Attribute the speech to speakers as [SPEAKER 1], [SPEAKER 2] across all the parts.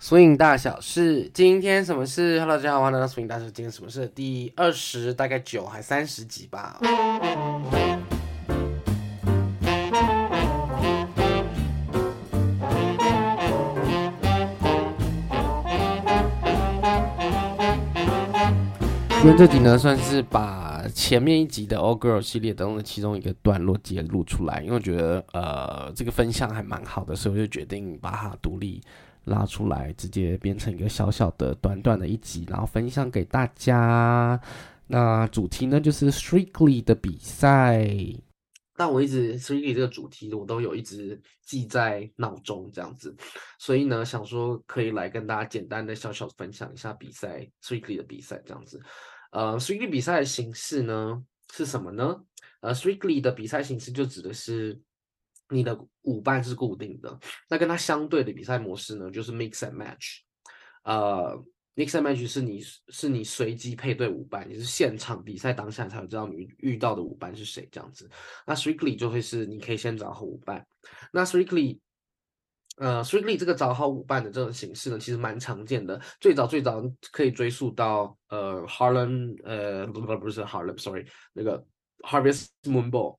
[SPEAKER 1] Swing 大小事，今天什麼事？Hello，大家好，我是 Swing 大小事，今天什麼事？第二十大概九還三十集吧。今天這集呢，算是把前面一集的 All Girl 系列當中的其中一個段落節錄出來，因為我覺得呃這個分享還蠻好的，所以我就決定把它獨立。拉出來，直接變成一個小小的、短短的一集，然後分享給大家。那主題呢，就是 Strictly 的比賽。但我一直 Strictly 這個主題，我都有一直記在腦中這樣子。所以呢，想說可以來跟大家簡單的、小小分享一下比賽 Strictly 的比賽這樣子。呃，Strictly 比賽的形式呢，是什麼呢？呃，Strictly 的比賽形式就指的是。你的舞伴是固定的，那跟它相對的比賽模式呢，就是 mix and match。呃、uh,，mix and match 是你是你隨機配對舞伴，你是現場比賽當下才會知道你遇到的舞伴是誰這樣子。那 strictly 就會是你可以先找好舞伴。那 strictly，呃、uh,，strictly 這個找好舞伴的這種形式呢，其實蠻常見的。最早最早可以追溯到呃、uh, Harlem，呃、uh,，不是 Harlem, sorry, 那個 Harvest Moonball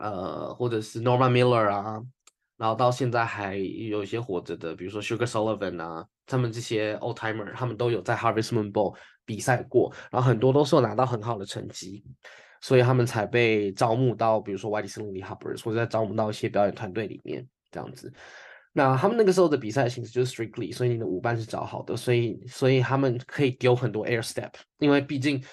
[SPEAKER 1] 呃，或者是 Norma Miller 啊，然後到現在還有一些活着的，比如說 Sugar Sullivan 啊，他們這些 Oldtimer，他們都有在 Harvest Moon Ball 比賽過，然後很多都是有拿到很好的成績，所以他們才被招募到，比如說 Whitey's Lindy Hoppers，或者在招募到一些表演團隊裡面這樣子。那他們那個時候的比賽的形式就是 Strictly，所以你的舞伴是找好的，所以所以他們可以丟很多 Air Step，因為畢竟。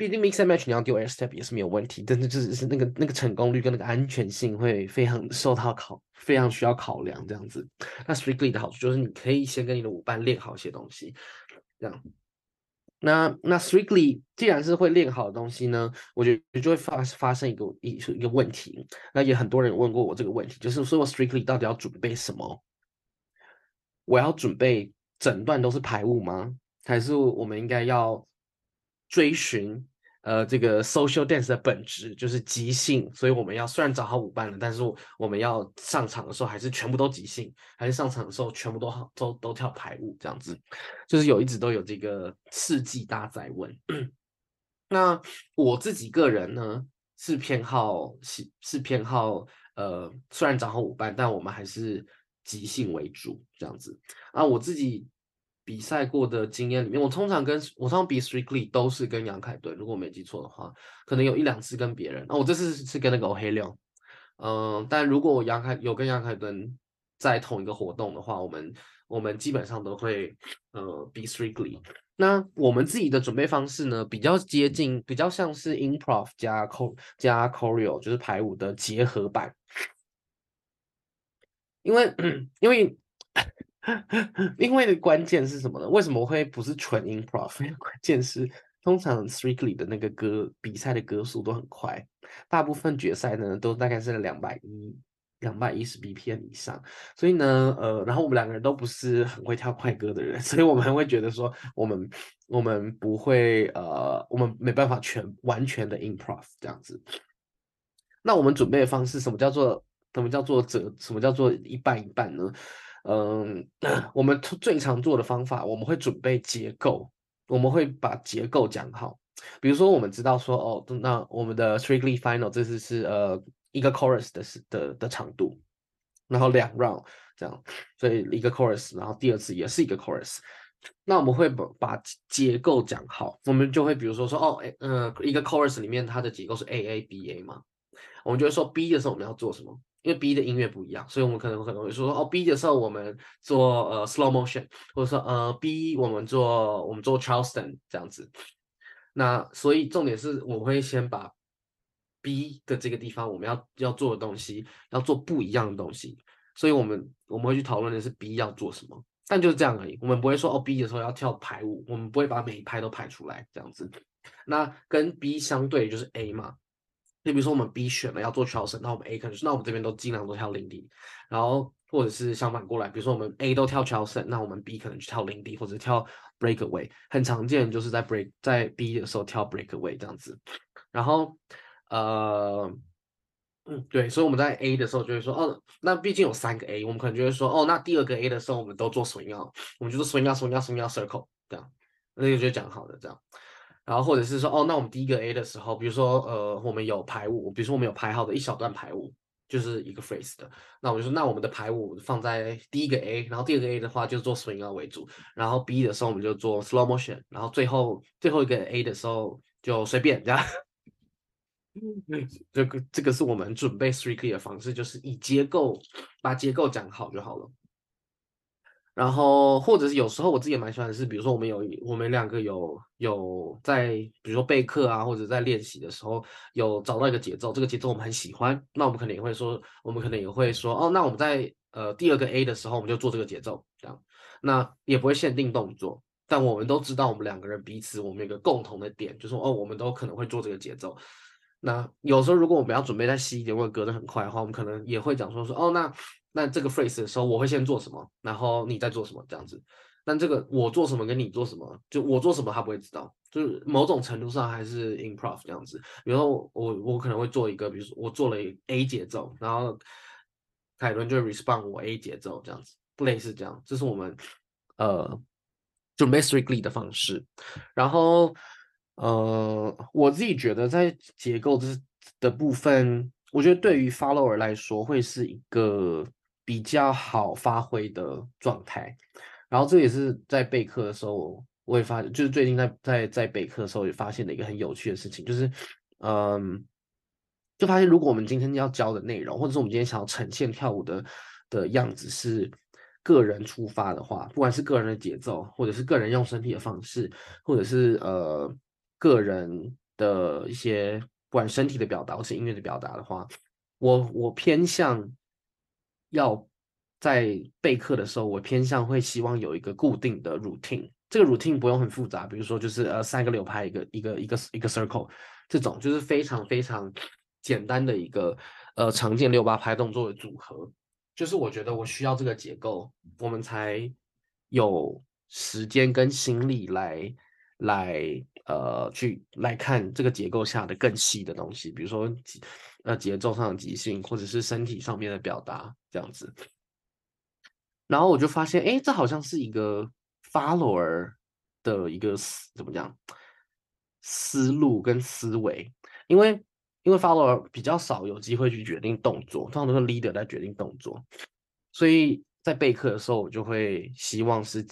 [SPEAKER 1] 畢竟 mix and match，你要丟 air step 也是沒有問題，但是就是那個那個成功率跟那個安全性會非常受到考，非常需要考量這樣子。那 strictly 的好處就是你可以先跟你的舞伴練好一些東西，這樣。那那 strictly 既然是會練好的東西呢，我覺得就會發發生一個一一個問題。那也很多人問過我這個問題，就是說我 strictly 到底要準備什麼？我要準備整段都是排舞嗎？還是我們應該要追尋？呃，這個 social dance 的本質就是即興，所以我們要雖然找好舞伴了，但是我們要上場的時候還是全部都即興，還是上場的時候全部都好都都跳排舞這樣子，就是有一直都有這個四季大家在問。那我自己個人呢，是偏好是是偏好呃，雖然找好舞伴，但我們還是即興為主這樣子啊，我自己。比賽過的經驗裡面，我通常跟我通常比 strictly 都是跟楊凱敦，如果我沒記錯的話，可能有一兩次跟別人。那、啊、我這次是跟那個歐黑 l 嗯，但如果我楊凱有跟楊凱敦在同一個活動的話，我們我們基本上都會呃比 strictly。那我們自己的準備方式呢，比較接近，比較像是 improv 加 choreo 加 choreo 就是排舞的結合版，因為因為。 因為的關鍵是什麼呢？為什麼會不是純 improv？關鍵是通常 strictly 的那個歌，比賽的歌速都很快，大部分決賽呢，都大概是在兩百一兩百一十 BPM 以上。所以呢，呃，然後我們兩個人都不是很會跳快歌的人，所以我們會覺得說，我們我們不會呃，我們沒辦法全完全的 improv 這樣子。那我們準備的方式，什麼叫做，什麼叫做什麼叫做折，什麼叫做一半一半呢？嗯，我們最常做的方法，我們會準備結構，我們會把結構講好。比如說，我們知道說，哦，那我們的 strictly final 這次是呃一個 chorus 的是的的長度，然後兩 round 這樣，所以一個 chorus，然後第二次也是一個 chorus。那我們會把結構講好，我們就會比如說說，哦，嗯、呃，一個 chorus 裡面它的結構是 A A B A 嘛？我們就會說 B 的時候我們要做什麼？因為 B 的音樂不一樣，所以我們可能可能會說，說哦 B 的時候我們做呃 slow motion，或者說呃 B 我們做我們做 Charleston 這樣子。那所以重點是我們會先把 B 的這個地方我們要要做的東西，要做不一樣的東西。所以我們我們會去討論的是 B 要做什麼，但就是這樣而已。我們不會說哦 B 的時候要跳排舞，我們不會把每一拍都排出來這樣子。那跟 B 相對就是 A 嘛。你比如說，我們 B 選了要做橋身，那我們 A 可能，就是，那我們這邊都盡量都跳 Lindy，然後或者是相反過來，比如說我們 A 都跳橋身，那我們 B 可能去跳 Lindy 或者跳 breakaway，很常見就是在 break 在 B 的時候跳 breakaway 這樣子，然後呃，嗯對，所以我們在 A 的時候就會說，哦，那畢竟有三個 A，我們可能就會說，哦，那第二個 A 的時候我們都做 swing out，我們就做 swing out，swing out，swing out circle 這樣，那個就講好的這樣。然後或者是說，哦，那我們第一個 A 的時候，比如說，呃，我們有排舞，比如說我們有排好的一小段排舞，就是一個 phrase 的。那我們就說，那我們的排舞放在第一個 A，然後第二個 A 的話就是、做 swing out 為主，然後 B 的時候我們就做 slow motion，然後最後最後一個 A 的時候就隨便，這樣。這 個這個是我們準備 strictly 的方式，就是以結構把結構講好就好了。然後，或者是有時候我自己也蠻喜歡的是，是比如說我們有我們兩個有有在比如說備課啊，或者在練習的時候有找到一個節奏，這個節奏我們很喜歡。那我們可能也會說，我們可能也會說，哦，那我們在呃第二個 A 的時候，我們就做這個節奏，這樣。那也不會限定動作，但我們都知道我們兩個人彼此，我們有個共同的點，就是說哦，我們都可能會做這個節奏。那有時候如果我們要準備再細一點，或者隔得很快的話，我們可能也會講說說，哦，那。那這個 phrase 的時候，我會先做什麼，然後你再做什麼這樣子。但這個我做什麼跟你做什麼，就我做什麼他不會知道，就是某種程度上還是 improv 這樣子。比如說我我可能會做一個，比如說我做了一個 A 節奏，然後凱倫就會 respond 我 A 節奏這樣子，類似這樣。這是我們呃就 masterly 的方式。然後呃我自己覺得在結構這的部分，我覺得對於 follower 來說會是一個。比較好發揮的狀態，然後這也是在備課的時候，我也發，就是最近在在在備課的時候也發現了一個很有趣的事情，就是，嗯，就發現如果我們今天要教的內容，或者是我們今天想要呈現跳舞的的樣子是個人出發的話，不管是個人的節奏，或者是個人用身體的方式，或者是呃個人的一些，不管身體的表達或是音樂的表達的話，我我偏向。要在備課的時候，我偏向會希望有一個固定的 routine。這個 routine 不用很複雜，比如說就是呃三個六拍，一個一個一個一個 circle 這種，就是非常非常簡單的一個呃常見六八拍動作的組合。就是我覺得我需要這個結構，我們才有時間跟心力來。來，呃，去來看這個結構下的更細的東西，比如說，呃，節奏上的即興，或者是身體上面的表達這樣子。然後我就發現，哎，這好像是一個 follower 的一個怎麼講，思路跟思維，因為因為 follower 比較少有機會去決定動作，通常都是 leader 在決定動作，所以在備課的時候，我就會希望是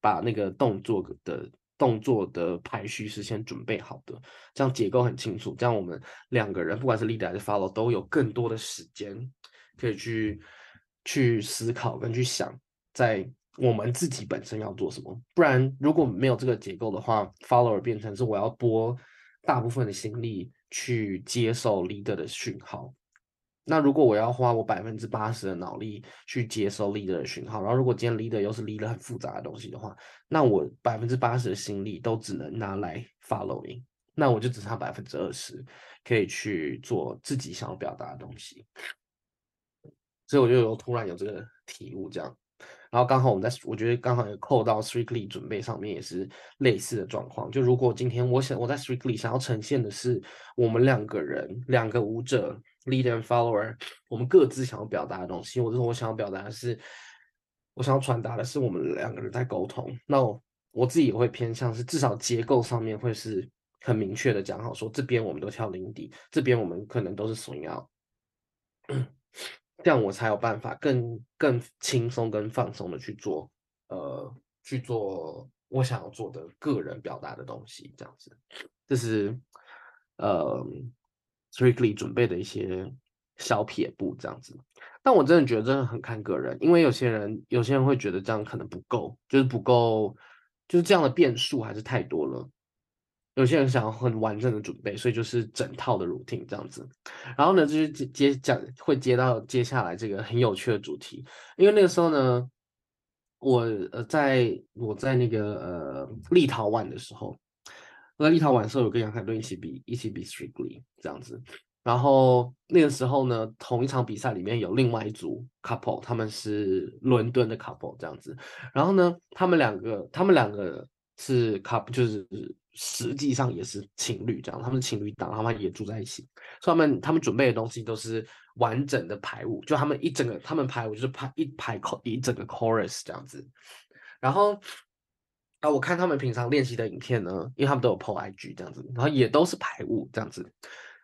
[SPEAKER 1] 把那個動作的。動作的排序是先準備好的，這樣結構很清楚。這樣我們兩個人，不管是 leader 還是 follower，都有更多的時間可以去去思考跟去想，在我們自己本身要做什麼。不然如果沒有這個結構的話，follower 變成是我要撥大部分的心力去接受 leader 的訊號。那如果我要花我百分之八十的腦力去接收 leader 的訊號，然後如果今天 leader 又是 leader 很複雜的東西的話，那我百分之八十的心力都只能拿來 following，那我就只差百分之二十可以去做自己想要表達的東西。所以我就有突然有這個體悟，這樣，然後剛好我們在我覺得剛好也扣到 Strictly 準備上面也是類似的狀況。就如果今天我想我在 Strictly 想要呈現的是我們兩個人兩個舞者。Leader and follower，我們各自想要表達的東西。我就是我想要表達的是，我想要傳達的是，我們兩個人在溝通。那我，我自己也會偏向是，至少結構上面會是很明確的講好說，說這邊我們都跳 Lindy，這邊我們可能都是 swing out，這樣我才有辦法更更輕鬆跟放鬆的去做，呃，去做我想要做的個人表達的東西。這樣子，這是呃。Strictly 準備的一些小撇步這樣子，但我真的覺得真的很看個人，因為有些人，有些人會覺得這樣可能不夠，就是不夠，就是這樣的變數還是太多了。有些人想要很完整的準備，所以就是整套的 routine 這樣子。然後呢，就是接接講會接到接下來這個很有趣的主題，因為那個時候呢，我呃在我在那個呃立陶宛的時候。我在立陶宛的時候，有跟楊凱倫一起比，一起比 Strictly 這樣子。然後那個時候呢，同一場比賽裡面有另外一組 couple，他們是倫敦的 couple 這樣子。然後呢，他們兩個，他們兩個是 couple，就是實際上也是情侶這樣。他們是情侶檔，他們也住在一起，所以他們他們準備的東西都是完整的排舞，就他們一整個他們排舞就是排一排一整個 chorus 這樣子。然後。啊，我看他們平常練習的影片，呢，因為他們都有 PO IG 這樣子，然後也都是排舞這樣子，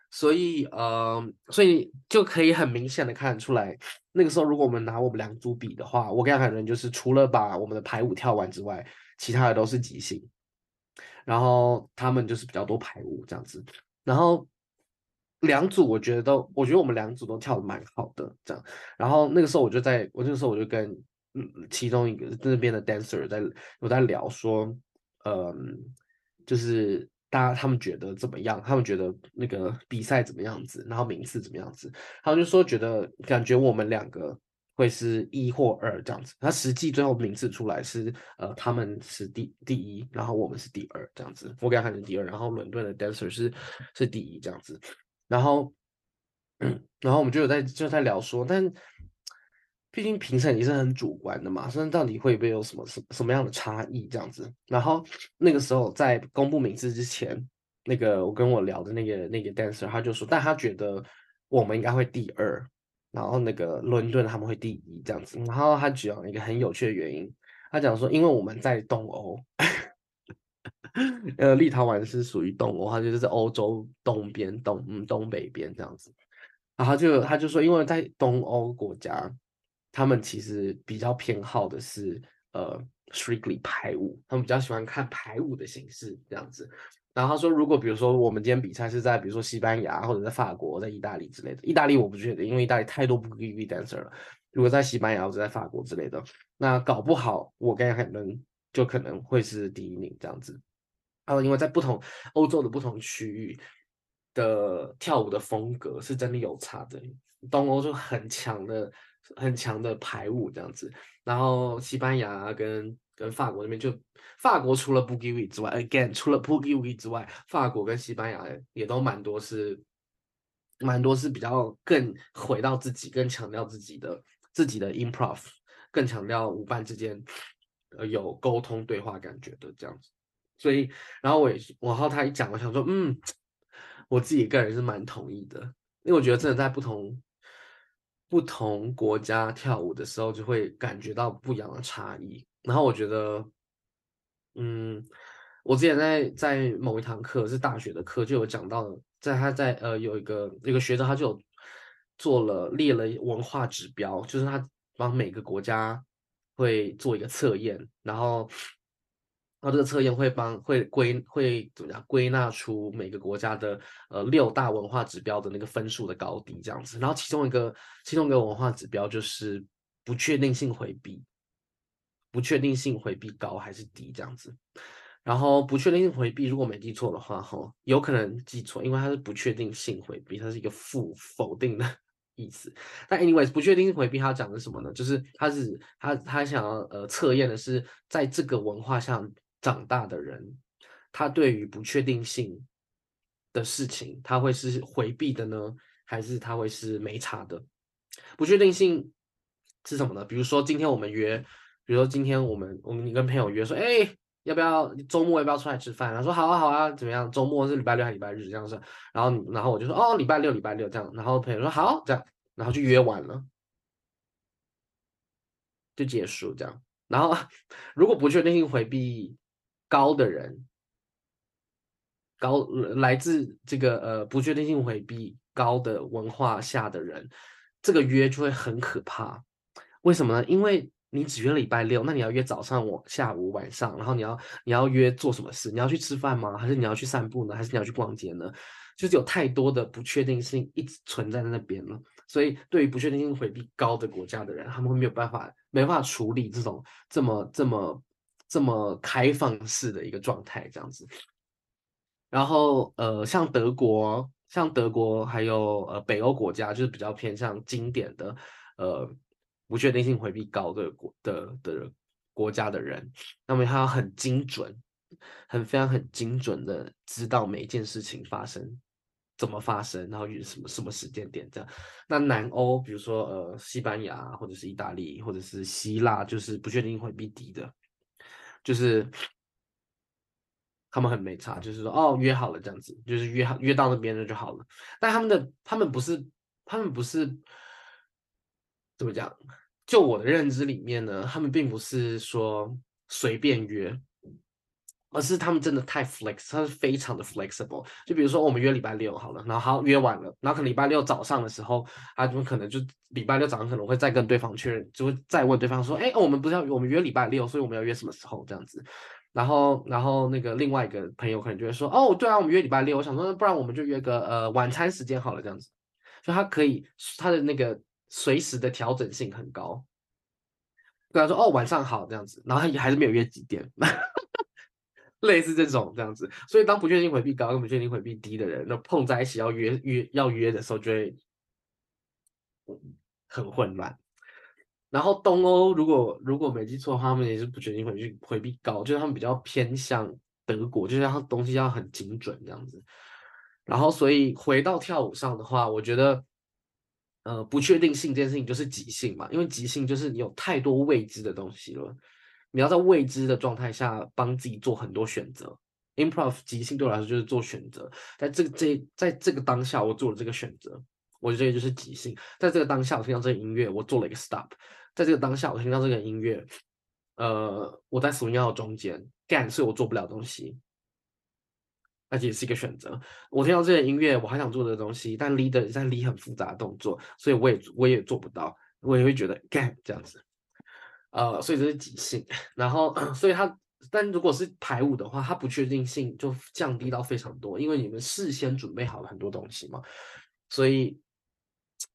[SPEAKER 1] 所以呃，所以就可以很明顯的看出來，那個時候如果我們拿我們兩組比的話，我跟海倫就是除了把我們的排舞跳完之外，其他的都是即興，然後他們就是比較多排舞這樣子，然後兩組我覺得都，我覺得我們兩組都跳的蠻好的這樣，然後那個時候我就在我那個時候我就跟。嗯，其中一個那邊的 dancer 在有在聊說，嗯、呃，就是大家他們覺得怎麼樣？他們覺得那個比賽怎麼樣子？然後名次怎麼樣子？他們就說覺得感覺我們兩個會是一或二這樣子。他實際最後名次出來是，呃，他們是第第一，然後我們是第二這樣子。我給他看成第二，然後倫敦的 dancer 是是第一這樣子。然後然後我們就有在就在聊說，但。畢竟評審也是很主觀的嘛，所以到底會不會有什麼什什麼樣的差異這樣子？然後那個時候在公布名字之前，那個我跟我聊的那個那個 dancer，他就說，但他覺得我們應該會第二，然後那個倫敦他們會第一這樣子。然後他講一個很有趣的原因，他講說，因為我們在東歐，呃， 立陶宛是屬於東歐，它就是在歐洲東邊、東東北邊這樣子。然後就他就說，因為在東歐國家。他們其實比較偏好的是呃 Strictly 排舞，他們比較喜歡看排舞的形式這樣子。然後他說，如果比如說我們今天比賽是在比如說西班牙或者在法國、在意大利之類的，意大利我不覺得，因為意大利太多 Boogie Dancer 了。如果在西班牙或者在法國之類的，那搞不好我跟他們就可能會是第一名這樣子。啊，因為在不同歐洲的不同區域的跳舞的風格是真的有差的，東歐就很強的。很強的排舞這樣子，然後西班牙跟跟法國那邊就，法國除了 Boogie Woogie 之外，again 除了 Boogie Woogie 之外，法國跟西班牙也都蠻多是，蠻多是比較更回到自己，更強調自己的自己的 improv，更強調舞伴之間有溝通對話感覺的這樣子，所以然後我我靠他一講，我想說嗯，我自己個人是蠻同意的，因為我覺得真的在不同。不同國家跳舞的時候，就會感覺到不一樣的差異。然後我覺得，嗯，我之前在在某一堂課是大學的課，就有講到，在他在呃有一個有一個學者，他就做了列了文化指標，就是他幫每個國家會做一個測驗，然後。那這個測驗會幫會歸會怎麼講？歸納出每個國家的呃六大文化指標的那個分數的高低這樣子。然後其中一個其中一個文化指標就是不確定性回避。不確定性回避高還是低這樣子。然後不確定性回避如果沒記錯的話，哈、哦，有可能記錯，因為它是不確定性回避，它是一個負否定的意思。但 anyways，不確定性回避它講的是什麼呢？就是它是它它想要呃測驗的是在這個文化上，長大的人，他對於不確定性的事情，他會是回避的呢？還是他會是沒差的？不確定性是什麼呢？比如說，今天我們約，比如說今天我們我們你跟朋友約說，哎，要不要周末要不要出來吃飯？他說好啊好啊，怎麼樣？周末是禮拜六還是禮拜日這樣子？然後然後我就說哦，禮拜六禮拜六這樣。然後朋友說好這樣，然後就約完了，就結束這樣。然後如果不確定性回避。高的人，高來自這個呃，不確定性回避高的文化下的人，這個約就會很可怕。為什麼呢？因為你只約禮拜六，那你要約早上，我下午、晚上，然後你要你要約做什麼事？你要去吃飯嗎？還是你要去散步呢？還是你要去逛街呢？就是有太多的不確定性一直存在在那邊了。所以，對於不確定性回避高的國家的人，他們會沒有辦法，沒辦法處理這種這麼這麼。這麼開放式的一個狀態，這樣子，然後呃，像德國，像德國還有呃北歐國家，就是比較偏向經典的呃不確定性迴避高的國的的國家的人，那麼他要很精準，很非常很精準的知道每一件事情發生怎麼發生，然後什麼什麼時間點這樣。那南歐，比如說呃西班牙或者是意大利或者是希臘，就是不確定性迴避低的。就是他們很沒差，就是說哦約好了這樣子，就是約好約到那邊了就好了。但他們的他們不是他們不是怎麼講？就我的認知裡面呢，他們並不是說隨便約。而是他們真的太 flex，他是非常的 flexible。就比如說、哦，我們約禮拜六好了，然後好約晚了，然後可能禮拜六早上的時候，他怎麼可能就禮拜六早上可能會再跟對方確認，就會再問對方說，哎，哦、我們不是要我們約禮拜六，所以我們要約什麼時候這樣子？然後，然後那個另外一個朋友可能就會說，哦，對啊，我們約禮拜六，我想說，不然我們就約個呃晚餐時間好了這樣子。所以他可以他的那個隨時的調整性很高。對他說，哦，晚上好這樣子，然後他也還是沒有約幾點。類似這種這樣子，所以當不確定迴避高跟不確定迴避低的人，那碰在一起要約約要約的時候，就會很混亂。然後東歐，如果如果沒記錯的話，他們也是不確定迴避迴避高，就是他們比較偏向德國，就是他們東西要很精準這樣子。然後，所以回到跳舞上的話，我覺得，呃，不確定性這件事情就是即興嘛，因為即興就是你有太多未知的東西了。你要在未知的狀態下幫自己做很多選擇。Improv 即興對我來說就是做選擇，在這個這在這個當下，我做了這個選擇，我覺得這就是即興。在這個當下，我聽到這個音樂，我做了一個 stop。在這個當下，我聽到這個音樂，呃，我在 swing out 中間幹，所以我做不了東西，而且是一個選擇。我聽到這個音樂，我還想做這個東西，但 leader 在 leader 很複雜的動作，所以我也我也做不到，我也會覺得幹這樣子。呃，所以這是即興，然後所以他，但如果是排舞的話，他不確定性就降低到非常多，因為你們事先準備好了很多東西嘛，所以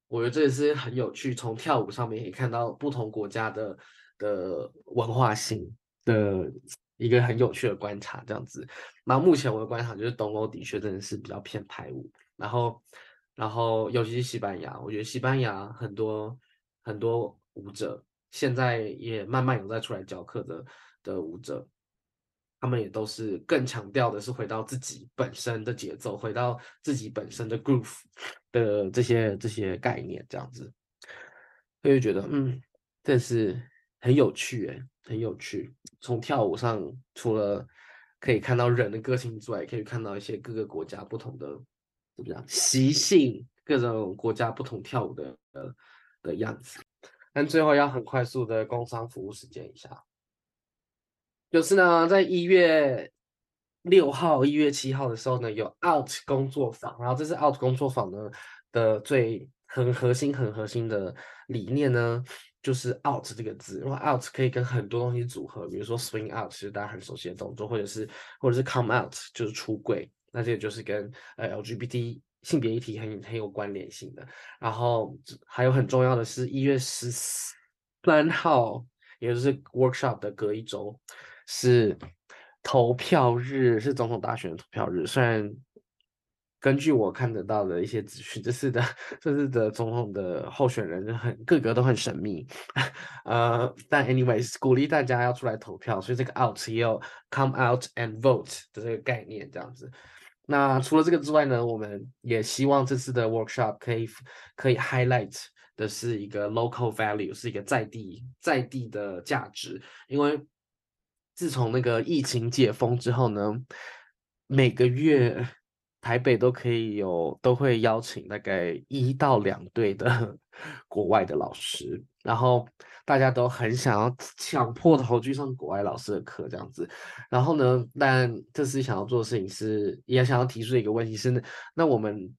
[SPEAKER 1] 我覺得這也是很有趣，從跳舞上面可以看到不同國家的的文化性的一個很有趣的觀察，這樣子。那目前我的觀察就是東歐的確真的是比較偏排舞，然後然後尤其是西班牙，我覺得西班牙很多很多舞者。現在也慢慢有在出來教課的的舞者，他們也都是更強調的是回到自己本身的節奏，回到自己本身的 groove 的這些這些概念，這樣子，我就覺得嗯，這是很有趣哎，很有趣。從跳舞上，除了可以看到人的個性之外，也可以看到一些各個國家不同的怎麼樣習性，各種國家不同跳舞的的，的樣子。但最後要很快速的工商服務時間一下，就是呢，在一月六號、一月七號的時候呢，有 out 工作坊。然後，這是 out 工作坊呢的最很核心、很核心的理念呢，就是 out 這個字，因為 out 可以跟很多東西組合，比如說 swing out 其實大家很熟悉的動作，或者是或者是 come out 就是出櫃，那這也就是跟 LGBT。性別議題很很有關聯性的，然後還有很重要的是一月十三號，也就是 workshop 的隔一周，是投票日，是總統大選的投票日。雖然根據我看得到的一些資訊，這次的這次的總統的候選人很個個都很神秘，呃，但 anyways 鼓勵大家要出來投票，所以這個 out 也有 come out and vote 的這個概念，這樣子。那除了這個之外呢，我們也希望這次的 workshop 可以可以 highlight 的是一個 local value，是一個在地在地的價值。因為自從那個疫情解封之後呢，每個月台北都可以有都會邀請大概一到兩對的國外的老師，然後。大家都很想要搶破頭去上國外老師的課，這樣子。然後呢，但這次想要做的事情是，也想要提出一個問題是：是那我們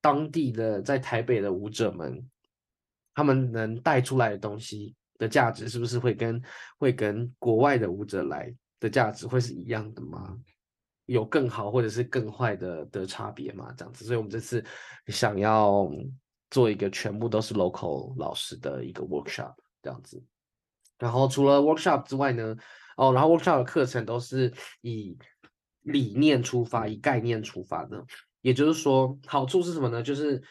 [SPEAKER 1] 當地的在台北的舞者們，他們能帶出來的東西的價值，是不是會跟會跟國外的舞者來的價值會是一樣的嗎？有更好或者是更壞的的差別嗎？這樣子，所以我們這次想要做一個全部都是 local 老師的一個 workshop。這樣子，然後除了 workshop 之外呢，哦，然後 workshop 的課程都是以理念出發，以概念出發的。也就是說，好處是什麼呢？就是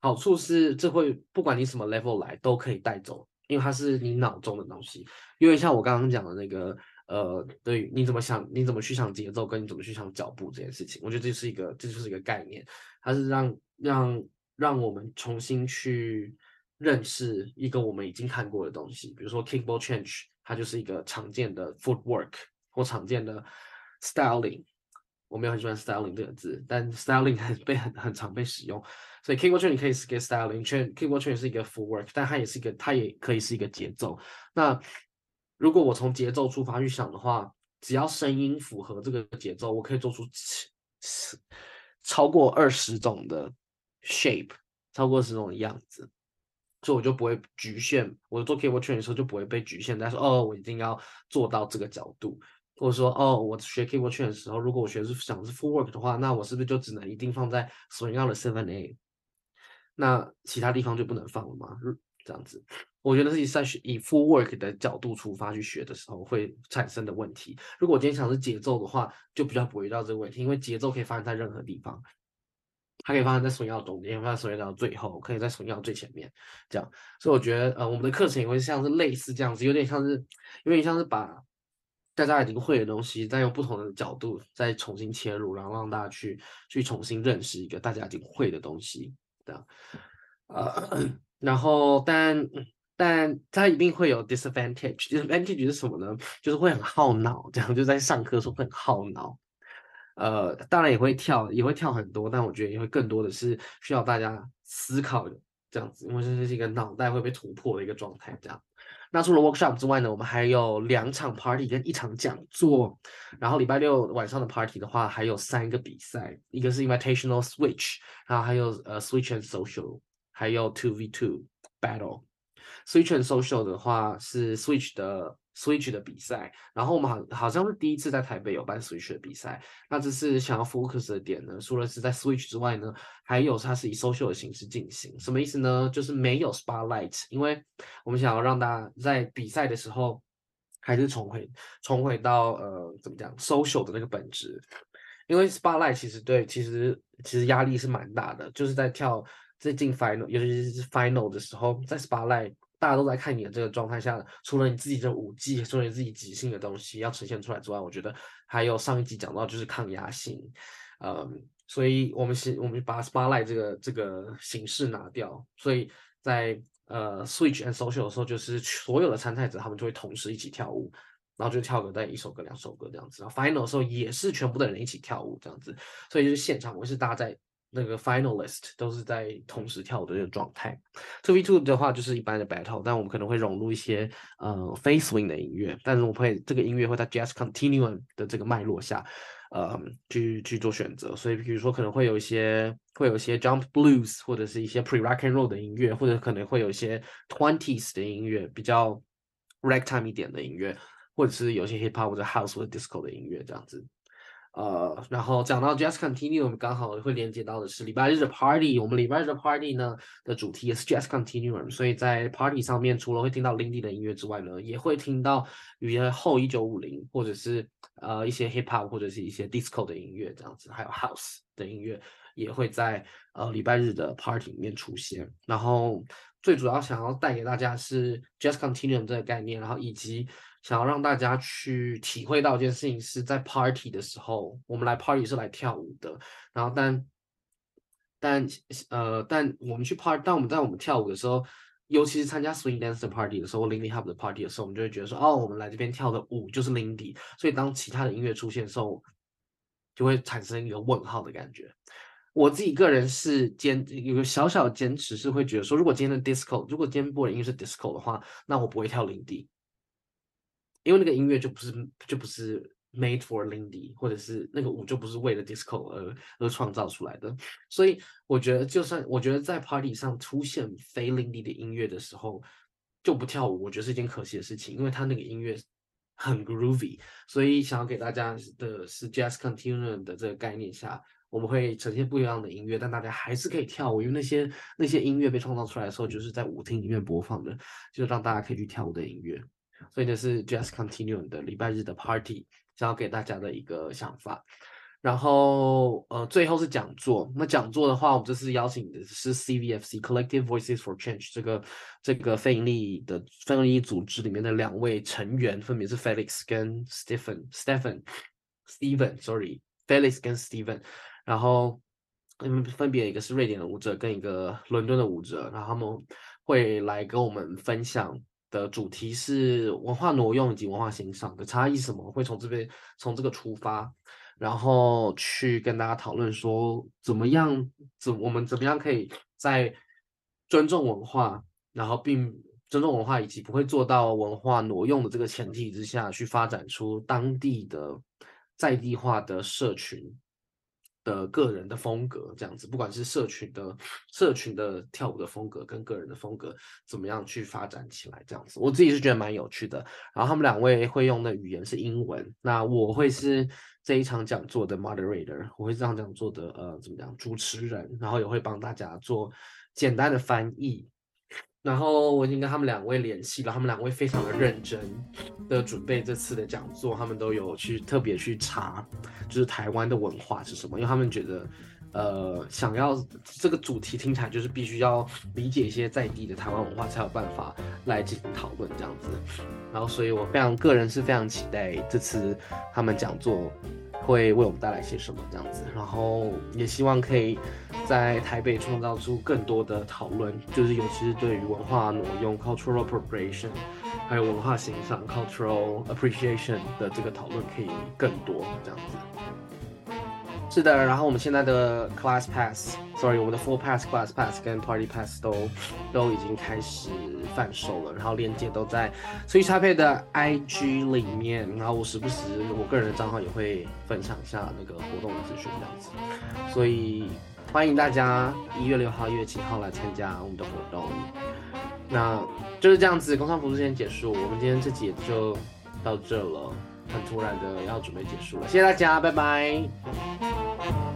[SPEAKER 1] 好處是，這會不管你什麼 level 來，都可以帶走，因為它是你腦中的東西。因為像我剛剛講的那個，呃，對於你怎麼想，你怎麼去想節奏，跟你怎麼去想腳步這件事情，我覺得這是一個，這就是一個概念，它是讓讓讓我們重新去認識一個我們已經看過的東西，比如說 kickball change，它就是一個常見的 footwork 或常見的 styling。我沒有很喜歡 styling 這個字，但 styling 很被很很常被使用。所以 kickball change 可以是 styling，change kickball change 是一個 footwork，但它也是一個它也可以是一個節奏。那如果我從節奏出發去想的話，只要聲音符合這個節奏，我可以做出超過二十種的 shape，超過十種的樣子。所以我就不會局限，我做 cable train 的時候就不會被局限。但是，哦，我一定要做到這個角度，或者說，哦，我學 cable train 的時候，如果我學的是想是 footwork 的話，那我是不是就只能一定放在 swing out 的 seven a，那其他地方就不能放了嗎？這樣子，我覺得自己在以 footwork 的角度出發去學的時候會產生的問題。如果我今天想是節奏的話，就比較不會遇到這個問題，因為節奏可以發生在任何地方。它可以發生在從一中間，發生在從一最後，可以在重一到最前面，這樣。所以我覺得，呃，我們的課程也會像是類似這樣子，有點像是，有點像是把大家已經會的東西，再用不同的角度再重新切入，然後讓大家去去重新認識一個大家已經會的東西這樣。啊、呃。然後但但它一定會有 disadvantage，disadvantage dis 是什麼呢？就是會很耗腦，這樣就在上課的時候會很耗腦。呃，當然也會跳，也會跳很多，但我覺得也會更多的是需要大家思考的這樣子，因為這是一個腦袋會被突破的一個狀態這樣。那除了 workshop 之外呢，我們還有兩場 party 跟一場講座，然後禮拜六晚上的 party 的話還有三個比賽，一個是 Invitational Switch，然後還有呃、uh, Switch and Social，還有 Two v Two Battle。Switch and Social 的話是 Switch 的。Switch 的比賽，然後我們好好像是第一次在台北有辦 Switch 的比賽。那這次想要 focus 的點呢？除了是在 Switch 之外呢，還有它是以 social 的形式進行，什麼意思呢？就是沒有 Spotlight，因為我們想要讓大家在比賽的時候還是重回、重回到呃怎麼講 social 的那個本質。因為 Spotlight 其實對其實其實壓力是蠻大的，就是在跳最近 Final，尤其是 Final 的時候，在 Spotlight。大家都在看你的這個狀態下的，除了你自己的舞技，除了你自己即興的東西要呈現出來之外，我覺得還有上一集講到就是抗壓性，呃、嗯，所以我們是，我們把 spotlight 這個這個形式拿掉，所以在呃 switch and social 的時候，就是所有的參賽者他們就會同時一起跳舞，然後就跳個帶一首歌，兩首歌這樣子，然後 final 的時候也是全部的人一起跳舞這樣子，所以就是現場我是搭在。那個 finalist 都是在同時跳的這個狀態。Two v two 的話就是一般的 battle，但我們可能會融入一些呃 face wing 的音樂，但是我們會這個音樂會在 Jazz Continuum 的這個脈絡下，呃去去做選擇。所以比如說可能會有一些會有一些 jump blues 或者是一些 pre rock and roll 的音樂，或者可能會有一些 twenties 的音樂，比較 ragtime 一點的音樂，或者是有些 hip hop 或者 house 或者 disco 的音樂這樣子。呃，然後講到 Jazz Continuum，我們剛好會連接到的是禮拜日的 party。我們禮拜日的 party 呢的主題是 Jazz Continuum，所以在 party 上面除了會聽到 Lindy 的音樂之外呢，也會聽到與後一九五零或者是呃一些 hip hop 或者是一些 disco 的音樂這樣子，還有 house 的音樂也會在呃禮拜日的 party 裡面出現。然後最主要想要帶給大家的是 Jazz Continuum 這個概念，然後以及。想要讓大家去體會到一件事情，是在 party 的時候，我們來 party 是來跳舞的。然後，但，但，呃，但我們去 party，但我們在我們跳舞的時候，尤其是參加 swing dancer party 的時候，Lindy Hop 的 party 的時候，我們就會覺得說，哦，我們來這邊跳的舞就是 Lindy。所以，當其他的音樂出現的時候，就會產生一個問號的感覺。我自己個人是堅有個小小的堅持，是會覺得說，如果今天的 disco，如果今天播的音樂是 disco 的話，那我不會跳 Lindy。因為那個音樂就不是就不是 made for Lindy，或者是那個舞就不是為了 disco 而而創造出來的，所以我覺得就算我覺得在 party 上出現非 Lindy 的音樂的時候，就不跳舞，我覺得是一件可惜的事情，因為他那個音樂很 groovy，所以想要給大家的是 Jazz Continuum 的這個概念下，我們會呈現不一樣的音樂，但大家還是可以跳舞，因為那些那些音樂被創造出來的時候，就是在舞廳裡面播放的，就讓大家可以去跳舞的音樂。所以這是 just continue 的禮拜日的 party，想要給大家的一個想法。然後呃，最後是講座。那講座的話，我們這次邀請的是 CVFC Collective Voices for Change 這個這個非營利的非營利組織裡面的兩位成員，分別是 Felix 跟 Stephen, Stephen Stephen Stephen sorry Felix 跟 Stephen。然後嗯分別一個是瑞典的舞者跟一個倫敦的舞者，然後他們會來跟我們分享。的主題是文化挪用以及文化欣賞的差異，什麼會從這邊從這個出發，然後去跟大家討論說怎，怎麼樣怎我們怎麼樣可以在尊重文化，然後並尊重文化以及不會做到文化挪用的這個前提之下去發展出當地的在地化的社群。的個人的風格這樣子，不管是社群的社群的跳舞的風格跟個人的風格怎麼樣去發展起來這樣子，我自己是覺得蠻有趣的。然後他們兩位會用的語言是英文，那我會是這一場講座的 moderator，我會是這場講座的呃怎麼講，主持人，然後也會幫大家做簡單的翻譯。然後我已經跟他們兩位聯繫了，他們兩位非常的認真的準備這次的講座，他們都有去特別去查，就是台灣的文化是什麼，因為他們覺得，呃，想要這個主題聽起來就是必須要理解一些在地的台灣文化才有辦法來進行討論這樣子。然後，所以我非常個人是非常期待這次他們講座。會為我們帶來些什麼這樣子，然後也希望可以在台北創造出更多的討論，就是尤其是對於文化挪用 （cultural appropriation） 還有文化形象、c u l t u r a l appreciation） 的這個討論可以更多這樣子。是的，然後我們現在的 class pass，sorry，我們的 full pass、class pass 跟 party pass 都都已經開始販售了，然後鏈接都在 Switch Taipei 的 IG 裡面，然後我時不時我個人的賬號也會分享一下那個活動的資訊這樣子，所以歡迎大家一月六號、一月七號來參加我們的活動。那就是這樣子，工商服務先結束，我們今天這集也就到這了。很突然的要準備結束了，謝謝大家，拜拜。